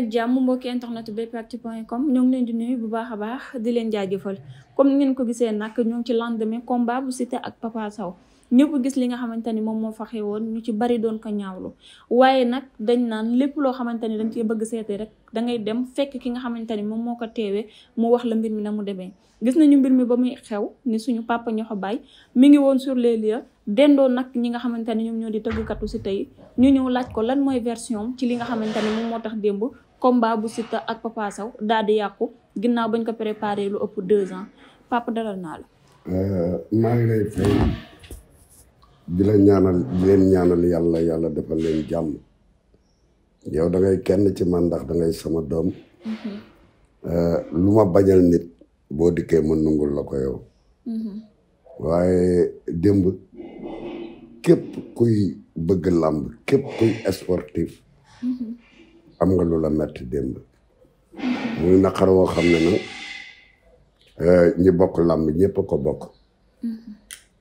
nag jàmm mbokki internet bpactu.com ñoo ngi leen di nuyu bu baax a baax di leen jaajëfal comme ni ngeen ko gisee nag ñoo ci lendemain combat moom moo fa xewoon ñu ci bari doon ko ñaawlu waaye nag dañ naan lépp loo xamante ni dañ cee bëgg seete rek dangay dem fekk ki nga xamante ni moom moo ko teewee mu wax la mbir mi na mu demee gis nañu mbir mi ba muy xew ni suñu papa ñoxo baay mi ngi woon sur les lieux dendoo nag ñi nga xamante ne ñoom ñoo di tëggkatu si tey ñu ñëw laaj ko lan mooy version ci li nga xamante moom moo tax démb comme combat bu Siteu ak Papa daal di yàqu ginnaaw bañ ko préparé lu ëpp deux ans papa dalal naa la. Euh, maa ngi lay fay di la ñaanal di leen ñaanal yàlla yàlla defal leen jàmm yow dangay kenn ci man ndax da sama doom. Mm-hmm. Euh, lu ma bañal nit boo dikkee ma nungul la ko yow. Mm-hmm. waaye démb képp kuy bëgg làmb képp kuy sportif. Mm-hmm. am nga lu la metti démb naqar woo xam ne nag eh, ñi bokk làmb ñëpp ko bokk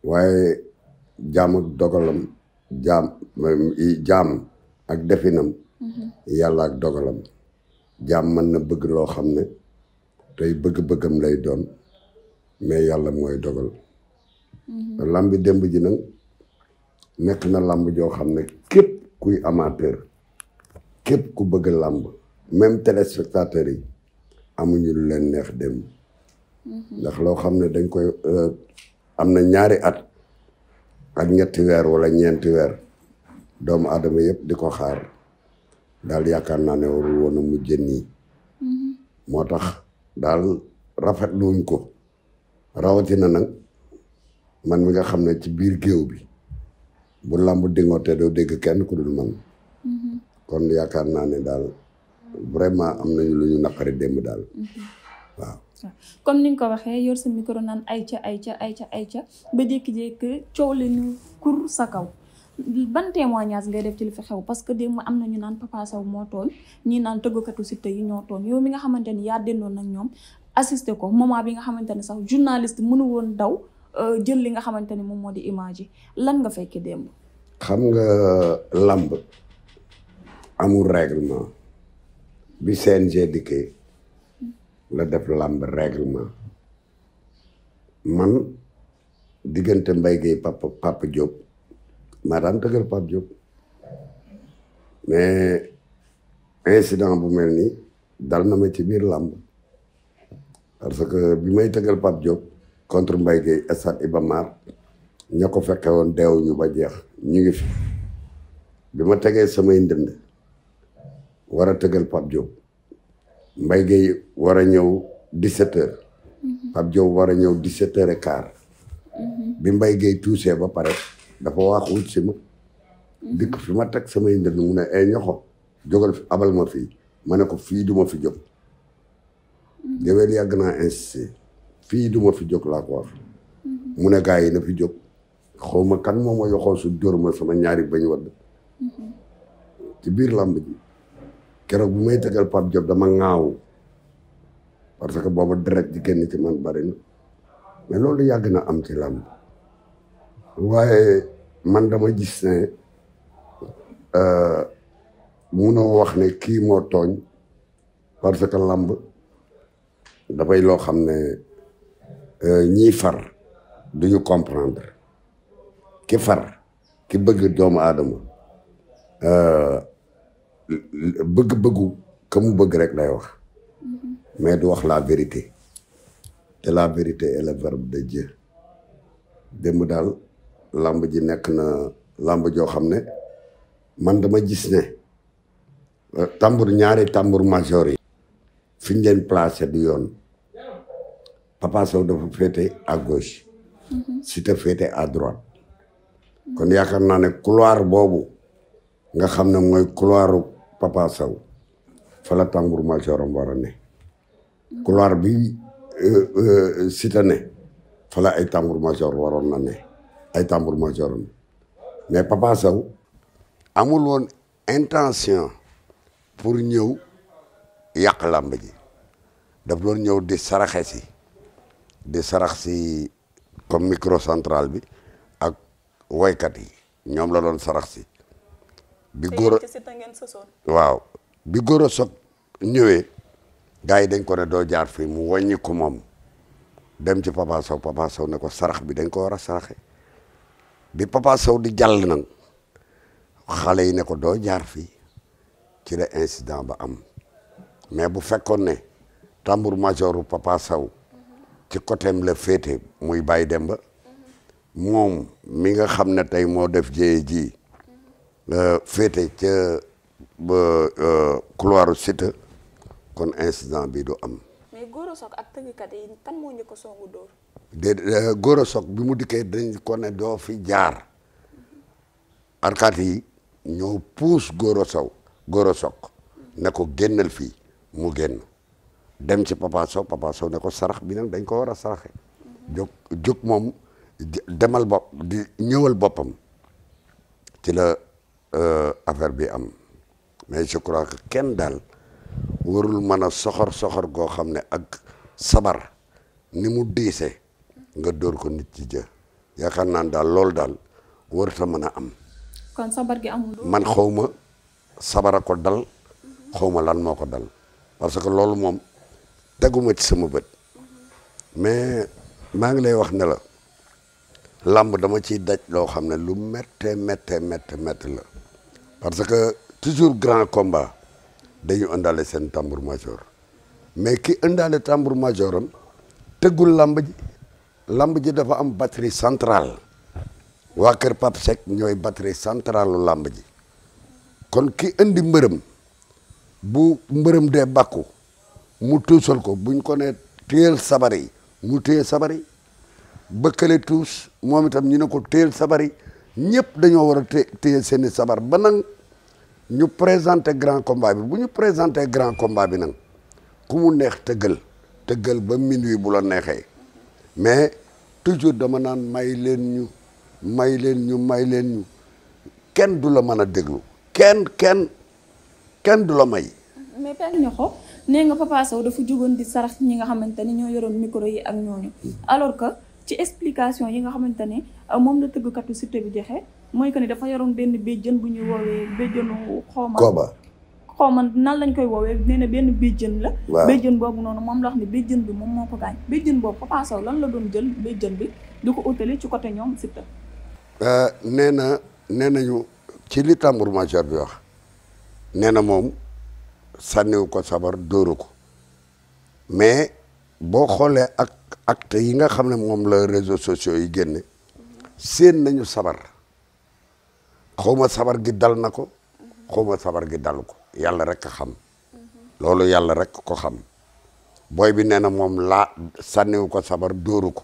waaye jaam ak dogalam jaam ak definam yàlla ak dogalam jaam mën na bëgg loo xam ne tey bëgg-bëggam lay doon mais yàlla mooy dogal làmbi démb ji nag nekk na lamb joo xam ne képp kuy amateur képp ku bëgg làmb même téléspectateurs yi amuñu lu leen neex dem ndax loo xam ne dañ koy euh, am na ñaari at ak ñetti weer wala ñeenti weer doomu aadama yépp di ko xaar daal yaakaar naa ne warul woon a mujj moo tax daal rafetluwuñ ko rawatina nag man mi nga xam ne ci biir géew bi bu làmb dingootee doo dégg kenn ku dul man kon yaakaar naa ne daal vraiment am nañu lu ñu naqari démb daal mhm. waaw. comme ni nga ko waxee yor sa micro naan ayca ayca ayca ayca ba jékki-jékki coow la ñu sa kaw. ban témoignage ngay def ci li fi parce que démb am na ñu naan Papa moo tooñ ñi naan tëggkatu Siteu yi ñoo yow mi nga xamante ni yaa dendoon nag ñoom assisté ko moment bi nga xamante ne sax journaliste mënu woon daw euh, jël li nga xamante ni moom moo di image lan nga fekkee démb. xam nga lamb amul règlement bi CNG dikkee la def làmb règlement man diggante mbay Gueye papa papa Diop maa daan tëggal Papa Diop mais incident bu mel ni dal na ma ci biir làmb parce que bi may tëggal Pape Diop contre Mbaye Gueye stade Iba Mar ña ko fekke woon deewuñu ba jeex ñu fi bi ma tegee samay ndënd war a tëggal Pape Diop Mbaye Gueye war a ñëw 17h. Mhm. Pape Diop war a ñëw 17h15. Mhm. bi mbay Gueye tuusee ba pare dafa waax wut si ma. Mhm. dikk fi ma teg samay ndënd mu ne ay eh, ñoxo jógal fi abal ma fii ma ne ko fii duma fi jóg. géwél yàgg naa fii duma fi jóg laa ko wax mu ne gaa yi na fi jóg xaw ma kan moom ma yoxoo su dóor sama ñaari bañ wadd ci biir làmb ji keroog bu may tëgal Pape Diop dama ŋaaw parce que booba direct di génn ci man bari mais loolu yàgg na am ci làmb waaye man dama gis ne euh, munoo wax ne kii moo tooñ parce que làmb dafay loo xam ne euh, ñiy far duñu comprendre ki far ki bëgg doomu aadama euh, bëgg-bëggu ka bëgg rek lay wax mm-hmm. mais du wax la vérité te la vérité est le verbe de Dieu démb daal làmb ji nekk na làmb joo xam ne man dama gis ne euh, tambour ñaari tambour major yi fi ñu place placé du yoon Papa Sow dafa féete à gauche mm-hmm. Siteu féete à droite kon yaakaar naa ne couloir boobu nga xam ne mooy couloiru Papa Sow fala la tàngoor majooram ne couloir bi cité euh, euh, ne fa ay tàngoor majoor waroon na ne ay tàngoor majoor mais Papa Sow amul woon intention pour ñëw yàq làmb ji daf doon ñëw di saraxe si di sarax si comme microcentral bi ak woykat yi ñoom la doon sarax si bi góor a waaw bi góor a ñëwee gars yi dañ ko ne doo jaar fi mu wàññi ko moom dem ci papa Sow papa Sow ne ko sarax bi dañ ko war a saraxe bi papa Sow di jàll nag xale yi ne ko doo jaar fii ci la incident ba am mais bu fekkoon ne tambour majoru papa Sow ci côté am la féete muy Baye Demba moom mi nga xam ne tey moo def jëye ji féete ca euh, couloiru Cité kon incident bi du am. mais Gora Sock ak tëggkat yi kan moo njëkk a songu dóor. déedéet euh, Gora bi mu dikkee dañ ko ne doo fi jaar arkat yi ñoo puus Gora Sock Gora Sock ne ko génnal fi mu génn dem ci Papa Sow Papa Sow ne ko sarax bi nag dañ ko war a saraxe jóg moom demal bopp di ñëwal boppam ci la. Euh, affaire bi am mais je crois que kenn daal warul mën a soxor soxor goo xam ne ak sabar ni mu diise nga dóor ko nit ci jë yaakaar naan daal loolu daal warut a mën a am. kon man xaw ma sabara ko dal xaw ma lan moo ko dal parce que loolu moom teguma ci sama bët mais maa ngi lay wax ne làmb dama ci daj loo xam ne lu méttee méttee méttee méttee la parce que toujours grand combat dañu indaale seen tambour major mais ki indaale tambour major am tëggul làmb ji làmb ji dafa am batterie central waa Kër Pape Seck ñooy batterie centrale lu làmb ji kon ki indi mbërëm bu mbërëm de bàkku mu tuusal ko buñ kone ne téyel sabar yi mu téye sabar bëkkale tuus moom itam ñu ne ko téyel sabari yi ñëpp dañoo war a téyel seeni sabar ba nag ñu présenté grand combat bi bu ñu présenté grand combat bi nag ku mu neex tëggal tëggal ba minuit bu la neexee mais toujours dama naan may leen ñu may leen ñu may leen kenn du la mën a déglu kenn kenn kenn du la may. mais benn ñoxo nee nga Papa dafa jugoon di sarax ñi nga xamante ñoo yoroon micro yi ak ñooñu alors ci explication yi nga xamante ne euh, moom la tëggkatu Siteu bi joxe mooy que ni dafa yoroon benn béjjën bu ñuy woowee béjjënu xawma xawma nan lañ koy woowee nee na benn béjjën la béjjën boobu noonu moom la wax ne béjjën bi moom moo ko gaañ béjjën boobu Papa Sow lan la doon jël béjjën bi di ko utali ci côté ñoom Siteu euh, nee na nee nañu ci li tambour bi wax nee na moom sànniwu ko sabar dóoru ko mais boo xoolee ak acte yi nga xam ne moom la réseaux sociaux yi génne seen nañu sabar xawma sabar gi dal na ko xawma sabar gi dalu ko yàlla rek a xam loolu yàlla rek ko xam booy bi nee na moom laa sànniwu ko sabar dóoru ko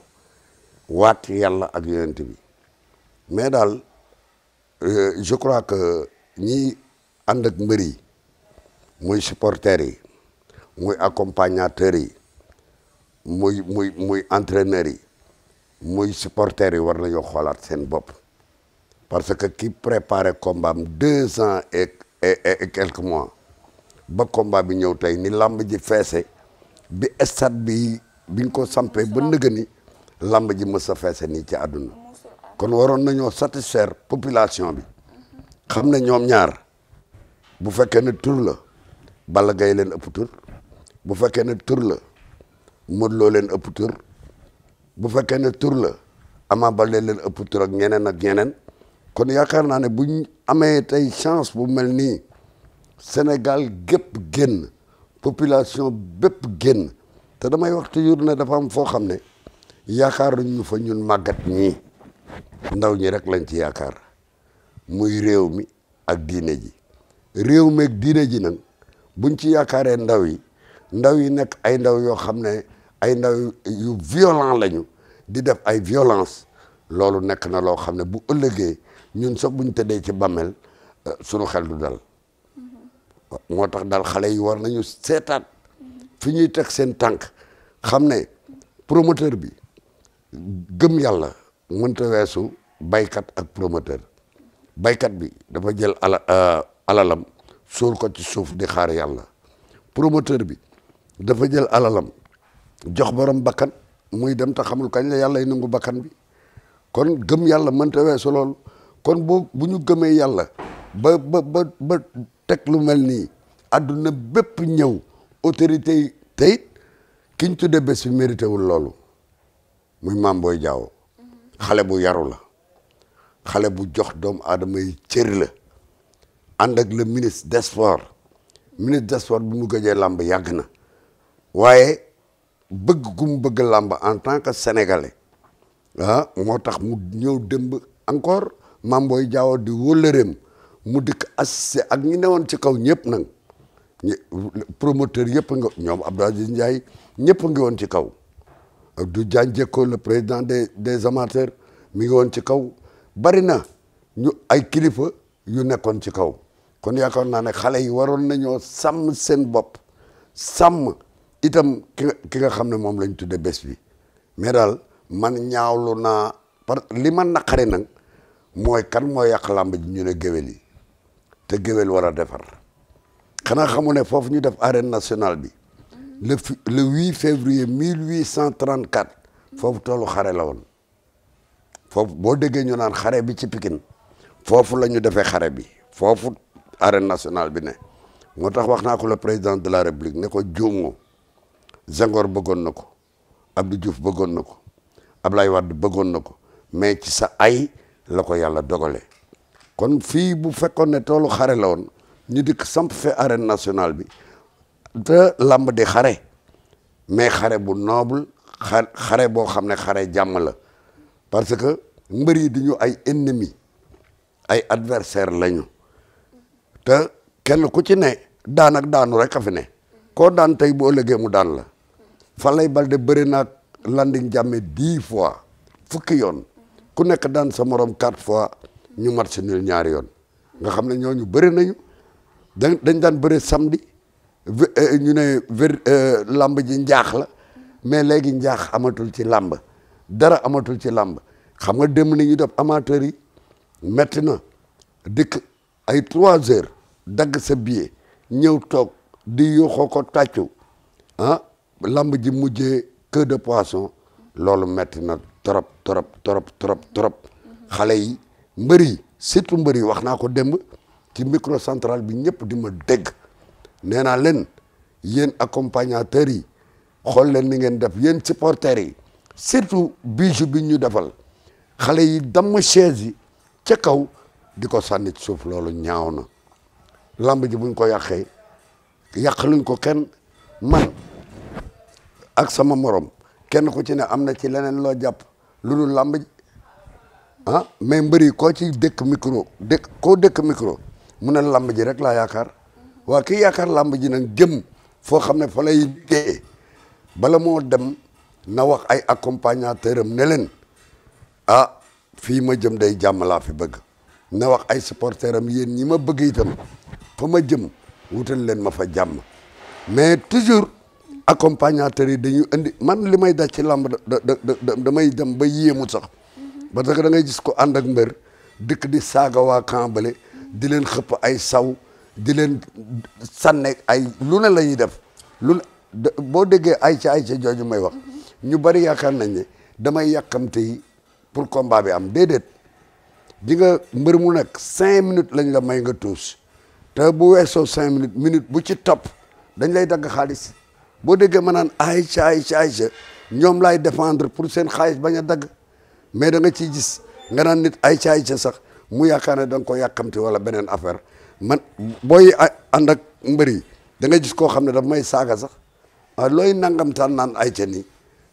waat yàlla ak yonent bi mais daal euh, je crois que ñi ànd ak mbër yi muy supporters yi muy accompagnateurs yi muy muy muy entraîneurs yi muy supporters yi war nañoo xoolaat seen bopp parce que ki préparé combat am deux ans et et mois ba combat bi ñëw tey ni lamb ji feese bi stade bi biñ ko sampee ba nëgë ni lamb ji mës a feese nii ci àdduna kon waroon nañoo satisfaire population bi xam ne ñoom ñaar bu fekkee ne tur la Balla Gaye leen ëpp bu fekkee ne tur la Modou Lo leen ëpp bu fekkee ne tur la ba Baldé leen ëpp tur ak ñeneen ak ñeneen kon yaakaar naa ne buñ amee tey chance bu mel ni Sénégal gépp génn population bépp génn te damay wax toujours ne dafa am foo xam ne yaakaaruñ ñu fa ñun màggat ni ndaw ñi rek lañ ci yaakaar muy réew mi ak diine ji réew mi ak diine ji nag buñ ci yaakaaree ndaw yi ndaw yi nekk ay ndaw yoo xam ne ay ndaw yu violent lañu di def ay violence loolu nekk na loo xam ne bu ëllëgee ñun sax bu ñu tëddee ci bàmmeel euh, sunu xel du dal moo tax daal xale yi war nañu seetaat fi ñuy teg seen tànk xam ne promoteur bi gëm yàlla mënta weesu baykat ak promoteur baykat bi dafa jël ala euh, alalam suul ko ci suuf di xaar yàlla promoteur bi dafa jël alalam jox borom bakkan muy dem te xamul kañ la yàlla yi nangu bakkan bi kon gëm yàlla mënta weesu loolu kon boo bu ñu gëmee yàlla ba ba ba ba teg lu mel ni àdduna bépp ñëw autorité yi tey ki ñu tuddee bés wul loolu muy maam booy jaaw xale bu yaru la xale bu jox doomu aadama yi cër la ànd ak le ministre des sports ministre des sports bi mu gëjee làmb yàgg na bëgg gu bëgg làmb en tant que sénégalais ah moo tax mu ñëw démb encore Mame Boye Diao di wóllëreem mu dikk assisté ak ñi newoon ci kaw ñëpp nag ñi promoteur yëpp nga ñoom Abdou Aziz Ndiaye ñëpp ngi woon ci kaw du Diagne Diécko le président de des amateurs mi ngi woon ci kaw bari na ñu ay kilifa yu nekkoon ci kaw kon yaakaar naa ne xale yi waroon nañoo sàmm seen bopp sàmm itam ki nga xam ne moom lañ tudde bés bi mais daal man ñaawlu naa par li man na naqari nag mooy kan mooy yàq làmb ñu ne géwél yi te géwél war a defar xanaa xamu ne foofu ñu def arène nationale bi le le huit février mille huit cent trente foofu toolu xare la woon foofu boo déggee ñu naan xare bi ci Pikine foofu la ñu defee xare bi foofu arène national bi ne moo tax wax naa ko le président de la république ne ko juumoo Senghor bëggoon na ko Abdou Diouf bëggoon na ko Ablaye Wade bëggoon na ko mais ci sa ay la ko yàlla dogale kon fii bu fekkoon ne toolu xare la woon ñu dikk samp fe arène nationale bi te làmb di xare mais xare bu noble xare boo xam ne xare jàmm la parce que mbër yi di ñu ay ennemi ay adversaire lañu te kenn ku ci ne daan daanu rek a fi ne ko daan tey boo ëllëgee mu daan la Falay Balde bëri naag Landing Jàmme dix fois fukki yoon ku nekk daan sa moroom quatre fois ñu match nul ñaari yoon nga xam ne ñooñu bëri nañu dañ dañ daan bëri samedi euh, ñu ne ver euh, làmb ji njaax la mais léegi njaax amatul ci làmb dara amatul ci làmb xam nga dem ni ñu def amateur yi metti na dikk ay trois heures dagg sa billet ñëw toog di yuuxoo ko tàccu ah lamb ji mujjee queue de poisson loolu metti na trop trop trop trop trop xale yi mbëri surtout mbëri wax naa ko démb ci micro central bi ñëpp di ma dégg nee naa leen yéen accompagnateurs yi xool leen ni ngeen def yéen supporters yi surtout bijou bi ñu defal xale yi damm chaise yi ca kaw di ko sànni ci suuf loolu ñaaw na lamb ji buñ ko yàqee yàqaluñ ko kenn man ak sama morom kenn ku ci ne am na ci leneen loo jàpp lu dul làmb ji ah mais mbëri koo ci dëkk micro dëkk koo dëkk mu na làmb ji rek laa yaakaar waa ki yaakaar làmb ji nag jëm foo xam ne fa lay liggéeyee bala moo dem na wax ay accompagnateur am ne leen ah fii ma jëm day jàmm laa fi bëgg na wax ay supporter am yéen ñi ma bëgg itam fa ma jëm wutal leen ma fa jàmm mais toujours accompagnateur yi dañuy indi man li may daj ci làmb dem ba yéemu sax mhm. parce que da ngay gis ko ànd ak mbër dëkk di saaga waa Kambale di leen xëpp ay saw di leen sànne ay lu ne la ñuy def lu boo déggee ay ca ay ca jooju may wax mhm. ñu bari yaakaar nañ ne damay yàkkamte yi pour combat bi am déedéet di nga mbër mu nekk cinq minutes lañ la may nga tuus te bu weesoo cinq minutes minute bu ci topp dañ lay dagg xaalis boo déggee ma naan Aïcha Aïcha Aïcha ñoom laay défendre pour seen xaalis bañ a dagg mais da nga ciy gis nga naan nit Aïcha Aïcha sax mu yaakaar ne da nga ko yàkkamti wala beneen affaire man booy ànd ak mbër yi da nga gis koo xam ne daf may saaga sax ah nangam nangamtaan naan Aïcha nii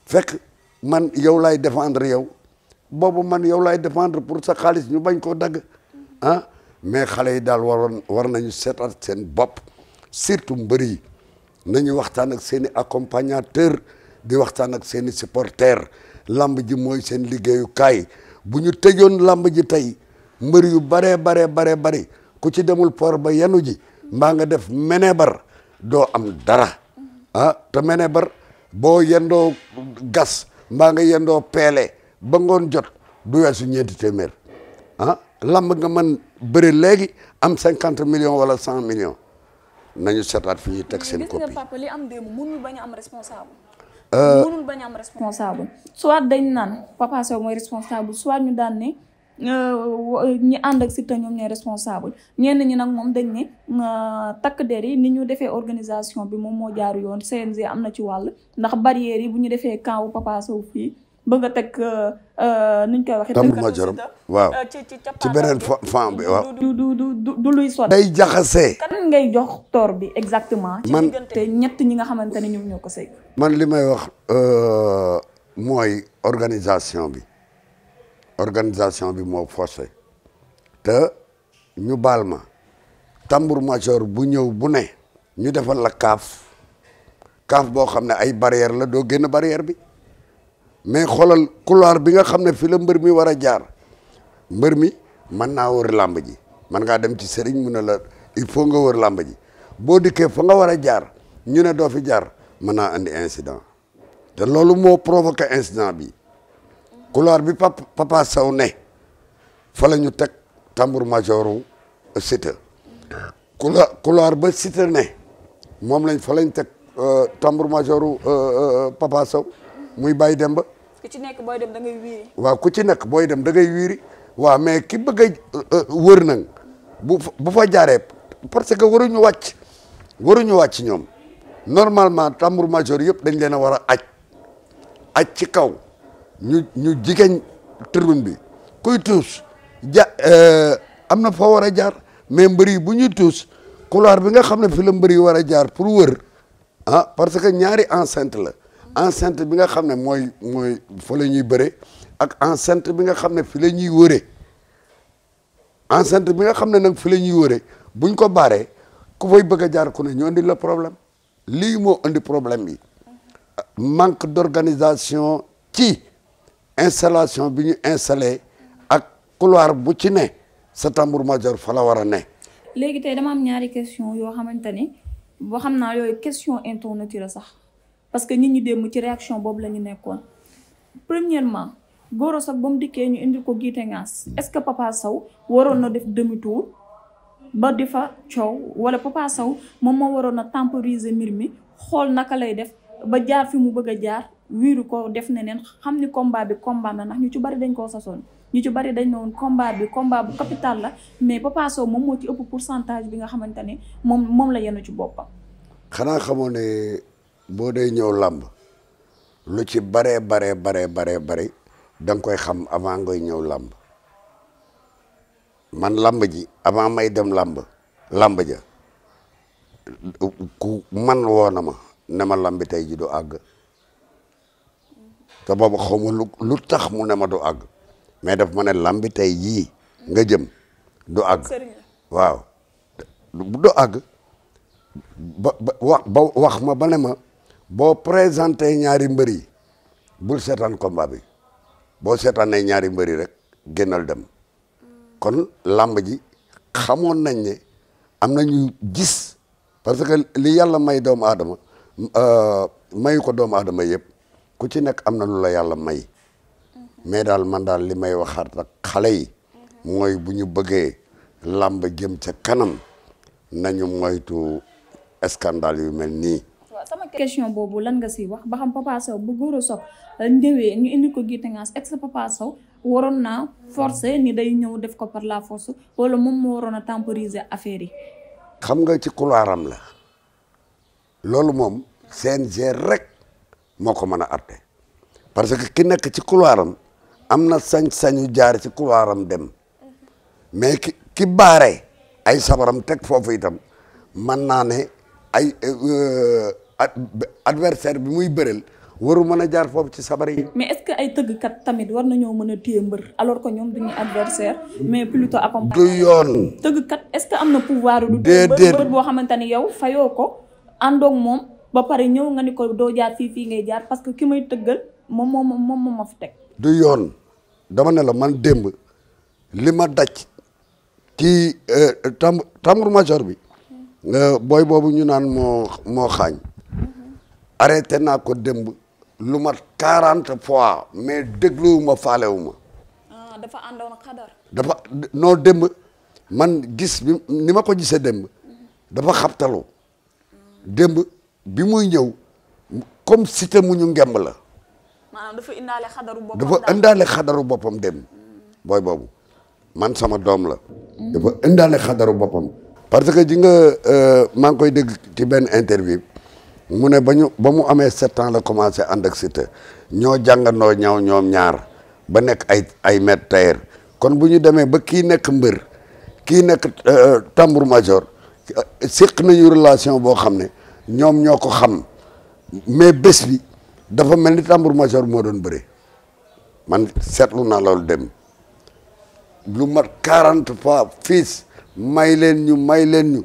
fek man yow laay défendre yow boobu man yow laay défendre pour sax xaalis ñu bañ koo dagg ah mais xale yi daal waroon war nañu seetaat seen bopp surtout mbër yi nañu waxtaan ak seeni i accompagnateur di waxtaan ak seen i supporter lamb ji mooy seen liggéeyukaay bu ñu tëjoon lamb ji tey mbër yu baree baree baree bari ku ci demul por ba yenu ji mbaa nga def menebar doo am dara ah menebar boo yendoo gas mbaa nga yendoo peele ba ngoon jot du weesu ñeenti téeméer ah lamb nga man bëri léegi am cinquante millions wala cent million nañu seetaat fi ñuy teg seen copie. papa li am bañ am responsable. Euh, bañ a am responsable. soit dañ naan Papa Sow mooy responsable soit ñu daan ni euh, ñi ànd ak Siteu ñoom ñooy responsable ñenn ñi nag moom dañ ne takk der yi ni ñu defee organisation bi moom moo jaar yoon CNG am na ci wàll ndax barrière yi bu ñu defee camp wu fii. bëgg a teg euh, euh, nu ñu koy waxee. tàmm ma jaram waaw euh, ci ci ci beneen femme bi waaw. du du du du luy sotti. day jaxasee. kan ngay jox toor bi exactement. man te ñett ñi nga xamante ne ñoom ñoo ko sëy. man li may wax mooy organisation bi organisation bi moo forcé te ñu baal ma tambour major bu ñëw bu ne. ñu defal la kaaf kaaf boo xam ne ay barrière la doo génn barrière bi. mais xoolal couloir bi nga xam ne fi la mbër mi war a jaar mbër mi mën naa wër làmb ji man ngaa dem ci sëriñ mun ne la il faut nga wër làmb ji boo dikkee fa nga war a jaar ñu ne doo fi jaar mën naa andi incident te loolu moo provoqué incident bi couloir bi papa papa saw ne fa la ñu teg tambour majoru Siteu couloir couloir ba Siteu ne moom lañ fa lañ teg euh, tambour majoru euh, euh, papa saw muy bay Demba. ku ci dem da ngay wiiri. waaw ku ci nekk booy dem da ngay wiiri waaw mais ki bëgg a euh, euh, wër nag bu bu fa jaaree parce que waruñu wàcc waruñu wàcc ñoom normalement tambour major yëpp dañ leen a war a aj aj ci kaw ñu ñu jigéen tribune bi kuy tuus ja euh, am na foo war a jaar mais mbëri bu ñuy tuus couloir bi nga xam ne fi la mbëri war a jaar pour wër ah parce que ñaari enceinte la enceinte bi nga xam ne mooy mooy fa la ñuy bëre ak enceinte bi nga xam ne fi la ñuy wëre enceinte bi nga xam ne nag fi la ñuy wëre buñ ko baree ku fay bëgg a jaar ku ne ñoo indi la problème lii moo indi problème yi manque d'organisation ci installation bi ñu installé ak couloir bu ci ne sa tambour major fa la war a ne. léegi te dama am ñaari question yoo xamante ne boo xam naa yooyu question internet sax. parce que nit ñi démb ci réaction boobu la ñu nekkoon premièrement Gora Sock ba mu dikkee ñu indi ko Guité Ngaas est-ce que Papa saw waroon na def demi ba di fa coow wala Papa saw moom moo waroon a temporiser mbir mi xool naka lay def ba jaar fi mu bëgg a jaar wiiru ko def ne neen xam ni combat bi combat ndax ñu ci bari dañ koo sasoon ñu ci bari dañ ne woon combat bi combat bu capital la mais Papa Sow moom moo ci ëpp pourcentage bi nga xamante ne moom moom la yenu ci boppam. xanaa xamoo ne boo day ñëw làmb lu ci bare bare bare bare da nga koy xam avant ngay ñëw làmb man làmb ji avant may dem làmb làmb ja ku man woo na ma ne làmbi tey ji du àgg te boobu xaw ma lu tax mu ne ma du àgg mais daf ma ne làmbi tey jii nga jëm du àgg waaw du àgg ba wax ma ba ne boo présenté ñaari mbër yi bul seetaan combat bi boo seetaanee ñaari mbër yi rek génnal dem kon làmb ji xamoon nañ ne am na ñu gis parce que li yàlla may doomu aadama euh, may ko doomu adama yëpp ku ci nekk am na lu la yàlla may mais daal man daal li may waxaat ak xale yi mooy bu ñu bëggee làmb jëm ca kanam nañu moytu scandale yu mel nii question boobu lan nga si wax ba xam Papa Sow bu Gora Sock ñëwee ñu indi ko Guy Tangage ex Papa waroon naa forcer ni day ñëw def ko par la force wala moom moo waroon a temporiser affaire xam nga ci couloiram la loolu moom seen CNG rek moo ko mën a atte parce que ki nekk ci couloiram am na sañ-sañu jaar ci couloiram dem mais ki ki baare ay sabaram teg foofu itam mën naa ne ay euh, adversaire bi muy bëreel warul mën a jaar foofu ci sabar yi. mais est que ay tëggkat tamit war na nañoo mën a téye mbër alors que ñoom duñu adversaire mais plutôt accompagné. du yoon tëggkat est-ce que am na pouvoir. du téye boo xamante ni yow fayoo ko àndoog moom ba pare ñëw nga ni ko doo jaar fii ngay jaar parce que ki may tëggal moom moom moom moom ma fi teg. du yoon dama ne la man démb li ma daj ci euh, tam tambour major bi. Euh, booy boobu ñu naan moo moo xaañ. arrêté naa ko dëmb lu mat quarante fois mais dégluwuma faalewuma ah dafa àndoon xadar. dafa noo dëmb man gis bi ni ma ko gisee démb dafa xabtalu dëmb bi muy ñëw comme cité mu ñu ngemb la. maanaam dafa indaale xadaru boppam dafa indaale hmm. booy boobu man sama doom la. dafa indaale xadaru boppam. parce que ji nga euh, maa ngi koy dégg ci benn interview. mu ne ba ñu ba mu amee sept la commencé ànd ak Siteu ñoo jàngandoo ñaw ñoom ñaar ba nekk ay ay maître kon bu ñu demee ba kii nekk mbër kii nekk euh, euh, tambour major euh, séq nañu relation boo xam ne ñoom ñoo ko xam mais bés dafa mel ni tambour major moo doon bëre man seetlu na loolu dem lu mat quarante fois fiis may leen ñu may leen ñu.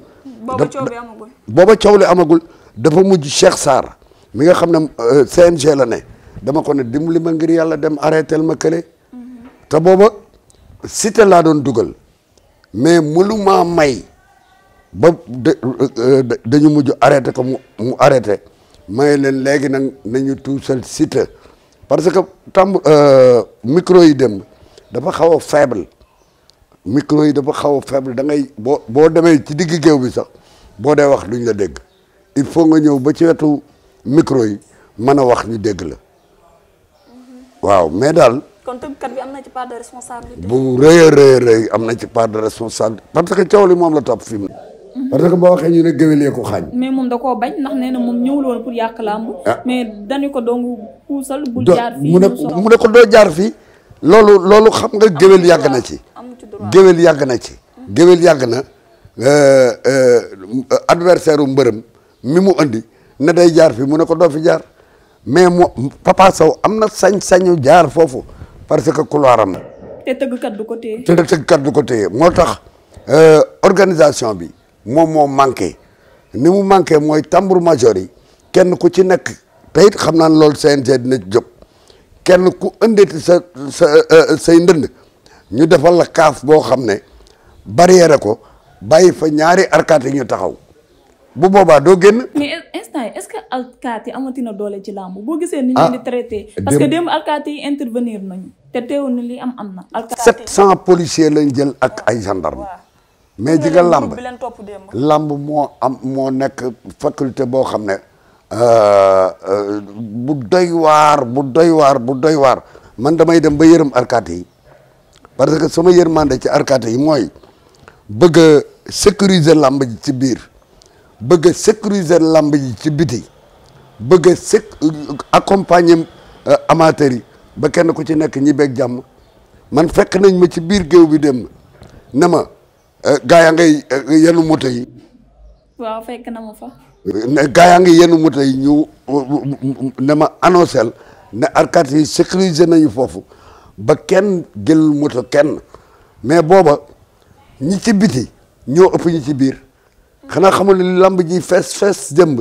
booba coow li amagul. dafa mujj Cheikh Sarr mi nga xam ne euh, CNG la ne dama ko ne dimbali ma ngir yàlla dem arrêté ma kële mhm. te booba cité laa doon dugal mais mënuma may ba euh, dañu mujj arrêté ko mu mu arrêté may leen léegi nag nañu tuusal cité parce que tam euh, micro yi dem dafa xaw a faible micro yi dafa xaw a faible da ngay boo boo demee ci digg géew bi sax boo dee wax lu ñu la dégg il faut nga ñëw ba ci wetu micro yi mën a wax ñu dégg la waaw mais daal. kon tëggkat bi am na ci part de responsabilité. bu rëy am na ci part de responsabilité parce que coow li moom la topp fii mu a que waxee ñu ne géwélee ko xañ mais koo bañ ndax nee moom ñëwul pour yàq làmb ah. mais dañu ko dong puusal mu ne ko doo jaar fi loolu loolu xam nga géwél yàgg na ci géwél yàgg na ci géwél yàgg na adversaire u mbërëm mi mu andi na day jaar fi mu ne ko doo jaar mais mo Papa Sow am na sañ-sañu jaar foofu parce que couloir am na. te tëggkat du ko téye. te tëggkat du moo tax euh, organisation bi moom moo manqué ni mu manqué mooy tambour major yi kenn ku ci nekk te it xam naa ne loolu CNG dina jóg kenn ku ëndeeti sa sa euh, say ndënd ñu defal la kaaf boo xam ne barrière ko bàyyi fa ñaari arkaat yi ñu taxaw. bu boobaa doo génn. mais instant yi amatina doole ci làmb boo gisee. ni ñu ah. di traité. parce que démb alkaati yi nañu. te teewoon li am am na. alkaati 700 policiers lañ jël ak ah. ay gendarmes. mais ji nga làmb làmb moo nekk faculté boo xam ne. Euh, euh, bu doy waar bu doy waar bu doy waar man damay dem ba yërëm alkaati yi parce que sama yërmande ci alkaati yi mooy bëgg a lamb ci biir. bëgg a sécuriser lamb yi ci biti bëgg a séc accompagner euh, amateurs yi ba kenn ku ci nekk ñi beg jàmm man fekk nañ ma ci biir géew bi dem na ma euh, gaa yaa ngay euh, yenu moto yi. waaw na ma fa. gaa yaa ngi yenu moto yi ñu ne ma annoncé ne arcades yi sécuriser nañu foofu ba kenn jël moto kenn mais booba ñi ci biti ñoo ëpp ñi ci biir. xanaa xamul ne lamb ji fees fees démb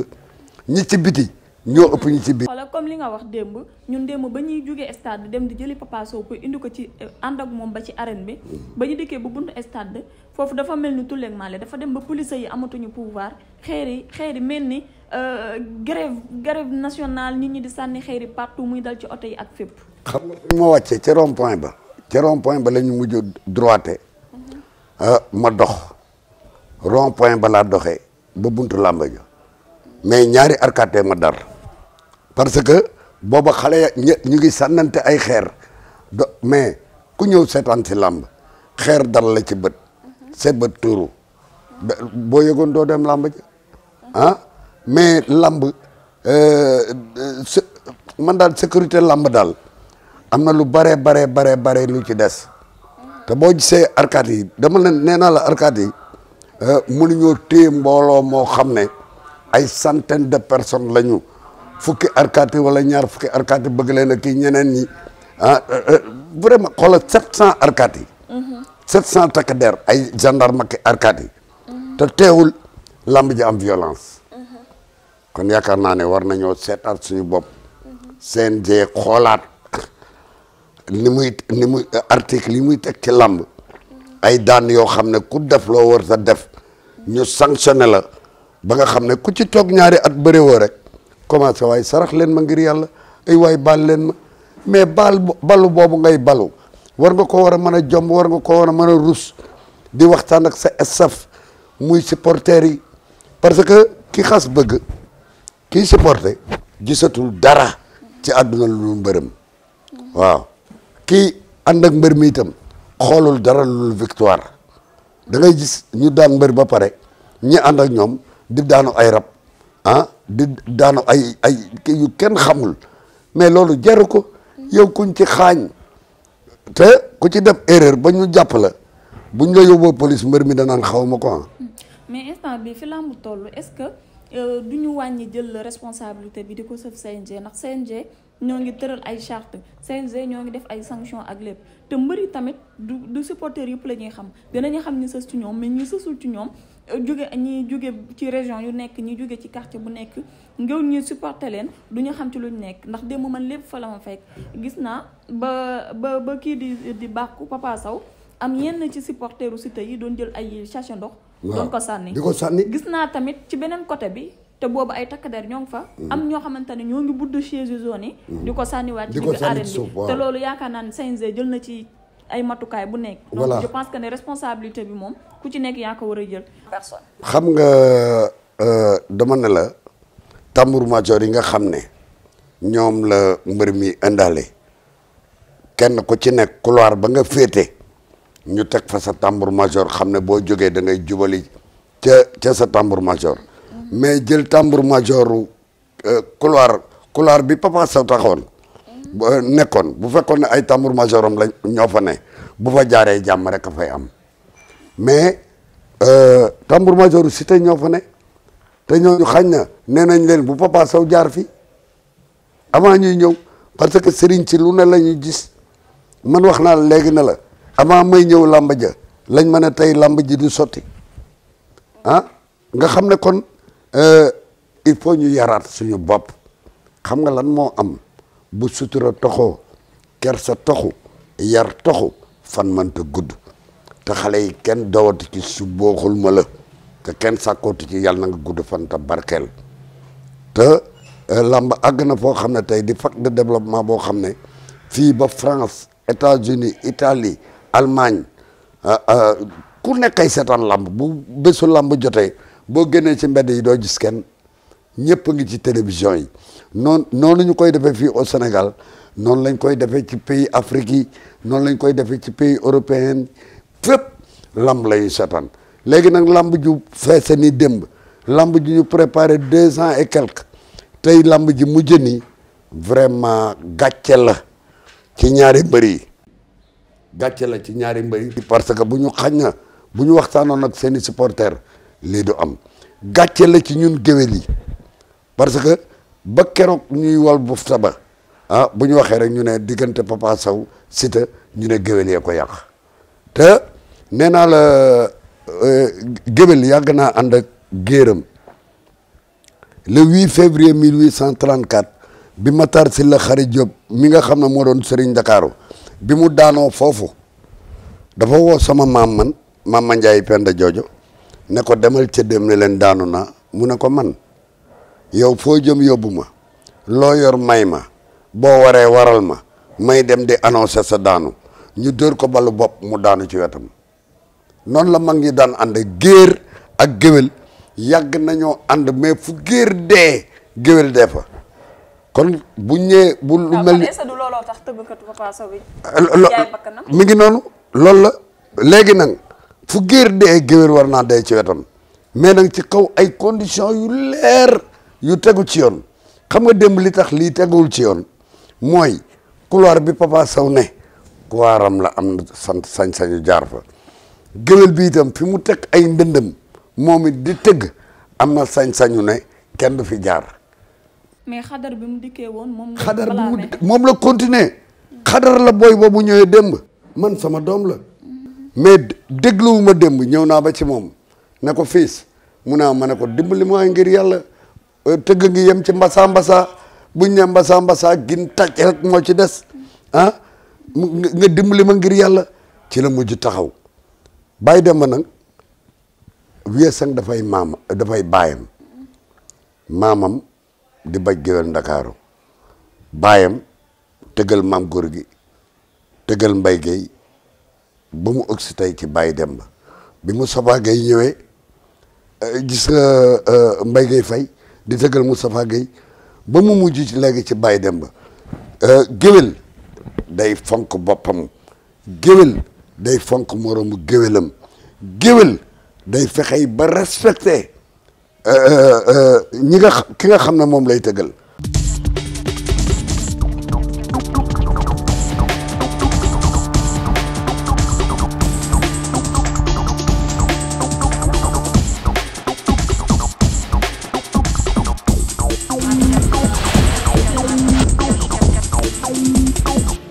ñi ci biti ñoo ëpp ñi ci biir. xoolal comme li nga wax démb ñun démb ba ñuy jógee stade dem di jëli Papa Sow pour indi ko ci euh, ànd ak moom ba ci arène bi ba ñu dikkee bu buntu stade foofu dafa mel ni tulleeg maale dafa dem ba police yi amatuñu pouvoir xeer yi xeer yi mel ni euh, grève grève nationale nit ñi di sànni xeer partout muy dal ci oto yi ak fépp. xam nga fi ma wàccee ca rond ba ca rond ba la ñu mujj droité mhm. ah, ma dox. ron point balaa doxe ba buntu làmba ja mais ñaari arcade ma dar parce que booba xale ya ñu ngi sànnante ay xeer do mais ku ñëw seetaan si làmb xeer dar la ci bët sa bët tuuru boo yëgoon doo dem làmb ah mais làmb euh, se man daal sécurité làmb daal am na lu bare bare bare bare lu ci des te boo gisee arcade yi dama leen nee naa la arcade Euh, mënuñoo téye mbooloo moo xam ne ay centaine de personnes la ñu fukki alkaati wala ñaar fukki alkaati bëgg leen a kii ñeneen ñi ah euh, euh, vraiment xoolal sept cent alkaati mhm. sept cent takk der ay gendarme ak alkaati mhm. te teewul lamb ji am violence mhm. kon yaakaar naa ne war nañoo seetaat suñu bopp CNG xoolaat ni muy ni muy article yi muy teg ci lamb ay daan yoo xam ne ku def loo war sa def ñu sanctionné la ba nga xam ne ku ci toog ñaari at bëre rek commencé waaye sarax leen ma ngir yàlla ay waay baal leen ma mais baal balu boobu ngay balu war nga ko war a mën a jomb war nga ko war a mën a rus di waxtaan ak sa staff muy supporter yi parce que ki xas bëgg kiy supporter gisatul dara ci àdduna lu mbërëm waaw kii ànd ak mbër mi itam xoolul dara lu victoire da ngay gis ñu daan mbër ba pare ñi ànd ak ñoom di daanu ay rab ah di daanu ay ay yu kenn xamul mais loolu jaru ko yow kuñ ci xaañ te ku ci def erreur ba ñu jàpp la buñ la yóbboo police mbër mi danaan xaw ma ko ah. mais instant bi fi lamb toll est-ce que euh, du ñu wàññi jël responsabilité bi di ko sëf CNG ndax CNG ñoo ngi tëral ay charte CNG ñoo ngi def ay sanction ak lépp te mbër yi tamit du du supporters yëpp la ñuy xam dinañu xam ñi sës ci ñoom mais ñi sësul ci ñoom jóge ñi jóge ci région yu nekk ñi jóge ci quartier bu nekk ngëw ñi supporter leen du ñu xam ci lu ñu nekk ndax démb man lépp fa la ma fekk gis naa ba ba ba kii di di bàkku Papa Sow am yenn ci supporteru Cité yi doon jël ay sachet ndox doon ko sànni ko sànni gis naa tamit ci beneen côté bi te boobu ay takk der ñoo ngi fa. Mm. am ñoo xamante ne ñoo ngi buddu chaise zone yi. Mm. di ko sànniwaat ci biir arène bi te loolu yaakaar naa ne CNG jël na ci ay matukaay bu nekk. voilà donc je pense que ne responsabilité bi moom ku ci nekk yaa ko war a jël personne. xam nga euh, dama ne la tambour major yi nga xam ne ñoom la mbër mi indaale kenn ku ci nekk couloir ba nga féete ñu teg fa sa tambour major xam ne boo jógee da ngay jubali ca ca sa tambour major. mais jël tambour majoru euh, couloir couloir bi papa saw taxoon euh, nekkoon bu fekkoon ne ay tambour majoram lañ ñoo fa ne bu fa jaaree jàmm rek a fay am mais euh, tambour majoru si tey ñoo fa ne te ñooñu xañ na nee nañ leen bu papa saw jaar fi avant ñuy ñëw parce que sëriñ ci lu ne la ñuy gis man wax naa léegi na la avant may ñëw làmb ja lañ mën a tey làmb ji du sotti ah nga xam ne kon Euh, il faut ñu yaraat suñu bopp xam nga lan moo am bu sutura toxoo sa toxu yar toxu fan mënta gudd te xale yi kenn dowatu ci su booxul ma la te kenn sàkkootu ci yàlla na gudd fan te barkeel te euh, làmb àgg na foo xam ne tey di fac de développement boo xam ne fii ba France États-Unis Italie Allemagne euh, ku nekkay seetaan lamb bu bésu lamb jote boo génnee ci mbedd yi doo gis kenn ñëpp ngi ci télévision yi noonu noonu ñu koy defee fii au Sénégal noonu lañ koy defee ci pays Afrique yi noonu lañ koy defee ci pays européen fépp lamb la ñuy seetaan léegi nag lamb ju feese ni démb lamb ji ñu préparé deux ans et quelques tey lamb ji mujj ni vraiment gàcce la ci ñaari mbër yi gàcce la ci ñaari mbër yi parce que bu ñu xañ na bu ñu waxtaanoon ak seeni supporters lii du am gàcce la ci ñun géwél yi parce que ba keroog ñu wal bu saba ah bu ñu waxee rek ñu ne diggante Papa Sow Siteu ñu ne géwél yee ko yàq te nee naa la euh, géwél yàgg naa ànd ak géeram le 8 février 1834 bi Matar la Khary Diop mi nga xam ne moo doon Serigne Ndakaaru bi mu daanoo foofu dafa woo sama maam man maam Ndiaye Penda Joojo ne ko demal ca dem ne leen daanu na mu ne ko man yow foo jëm yóbbu ma loo yor may ma boo waree waral ma may dem di annoncer sa daanu ñu dóor ko balu bopp mu daanu ci wetam noon la mag ñi daan ànd géer ak géwél yàgg nañoo ànd mais fu géer dee géwél dee fa kon bu ñëwee bu lu ah, mel ni looloo ngi noonu loolu la léegi nag fu géer dee géwél war naa de ci wetoon mais nag ci kaw ay conditions yu leer yu tegu ci yoon xam nga démb li tax lii tegul ci yoon mooy couloir bi Papa Sow ne couloiram la am na sant sañ-sañu jaar fa géwél bi itam fi mu teg ay ndëndëm moom di tëgg am na sañ-sañu ne kenn du fi jaar. mais xadar bi moom la. xadar bi mu la continuer xadar la booy boobu ñëwee démb man sama doom la. mais dégluwu ma démb ñëw naa ba ci moom ne ko fiis mu naa ah, ma ne ko dimbali ma ngir yàlla euh, tëgg ngi yem ci mbasa mbasa buñ ne mbasa mbasa gin taj rek moo ci des ah nga dimbali ma ngir yàlla ci la mujj taxaw bay dem ba nag Vieux Sang dafay maama dafay baayam maamam di baj géwél ndakaaru bayam tëggal maam góor gi tëggal mbay gay ba mu ëgsi tey ci dem ba bi Moustapha Gueye ñëwee eh, gis nga eh, Mbaye Gueye Faye di tëggal Moustapha Gueye ba mu mujj ci léegi ci Baye Demba eh, géwél day fonk boppam géwél day fonk moroomu géwélam géwél day fexey ba respecté ñi nga ki nga xam ne moom lay tëggal